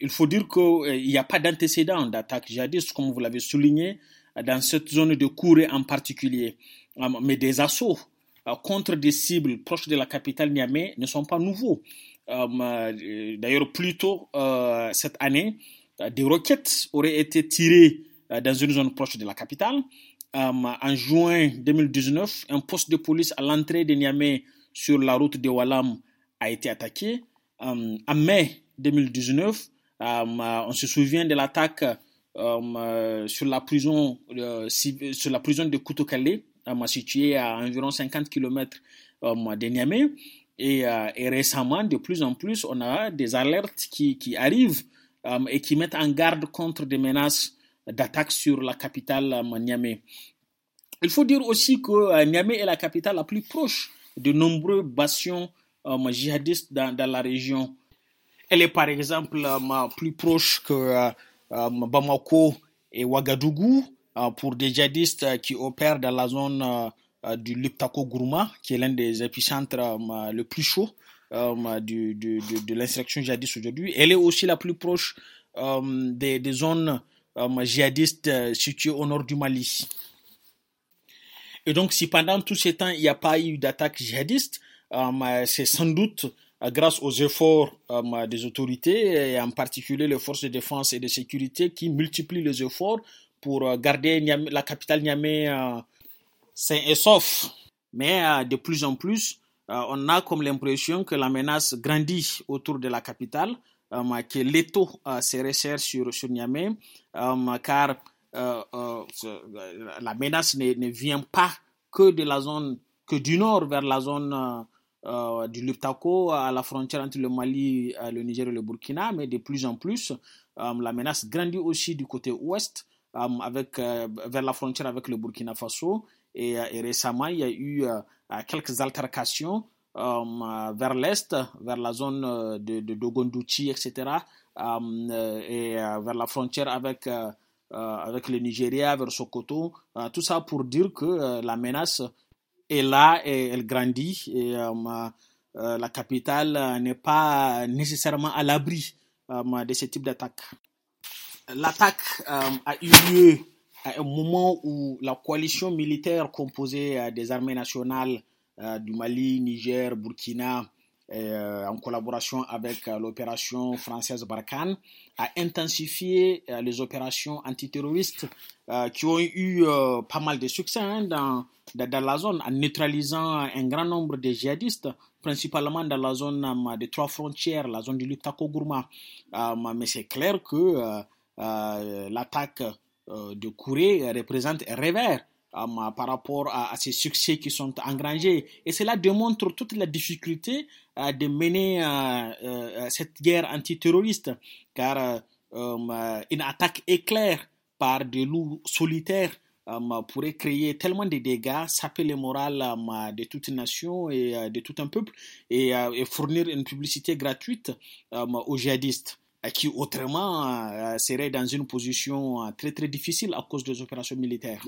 il faut dire qu'il euh, n'y a pas d'antécédent d'attaque jadis, comme vous l'avez souligné, euh, dans cette zone de Kouré en particulier. Euh, mais des assauts contre des cibles proches de la capitale Niamey ne sont pas nouveaux. D'ailleurs, plus tôt cette année, des roquettes auraient été tirées dans une zone proche de la capitale. En juin 2019, un poste de police à l'entrée de Niamey sur la route de Walam a été attaqué. En mai 2019, euh, euh, on se souvient de l'attaque euh, sur la prison sur la prison de Kutokale, située à environ 50 km de Niamey. Et, récemment, de plus en plus, on a des alertes qui, arrivent et qui mettent en garde contre des menaces d'attaque sur la capitale Niamey. Il faut dire aussi que Niamey est la capitale la plus proche de nombreux bastions djihadistes dans, dans, la région. Elle est par exemple euh, plus proche que euh, euh, Bamako et Ouagadougou pour des djihadistes qui opèrent dans la zone du Liptako Gourma, qui est l'un des épicentres le plus chaud de, l'insurrection djihadiste aujourd'hui. Elle est aussi la plus proche des, des, zones djihadistes situées au nord du Mali. Et donc, si pendant tout ce temps, il n'y a pas eu d'attaque djihadiste, c'est sans doute euh, grâce aux efforts euh, des autorités, et en particulier les forces de défense et de sécurité qui multiplient les efforts pour euh, garder la capitale Niamey sain et sauf. Mais de plus en plus, on a comme l'impression que la menace grandit autour de la capitale, que l'étau se resserre sur, sur Niamey, car la menace ne, vient pas que de la zone, que du nord vers la zone euh, du Liptako à la frontière entre le Mali, euh, le Niger et le Burkina, mais de plus en plus, euh, la menace grandit aussi du côté ouest, avec, vers la frontière avec le Burkina Faso. Et, récemment, il y a eu quelques altercations vers l'est, vers la zone de, de etc., et vers la frontière avec... avec le Nigeria, vers Sokoto, tout ça pour dire que la menace et là euh, elle grandit. Et euh, euh, la capitale n'est pas nécessairement à l'abri de ce type d'attaque. L'attaque a eu lieu à un moment où la coalition militaire composée des armées nationales du Mali, Niger, Burkina, euh, en collaboration avec euh, l'opération française Barkhane, a intensifié euh, les opérations antiterroristes qui ont eu pas mal de succès hein, dans, la zone en neutralisant un grand nombre de djihadistes, principalement dans la zone des trois frontières, la zone du Lutako Gourma. mais c'est clair que l'attaque de Kouré représente un revers euh, par rapport à, ces succès qui sont engrangés. Et cela démontre toute la difficulté euh, de mener euh, cette guerre antiterroriste, car une attaque éclair par des loups solitaires pourrait créer tellement de dégâts, saper le moral de toute une nation et de tout un peuple et, fournir une publicité gratuite aux djihadistes qui autrement seraient dans une position très très difficile à cause des opérations militaires.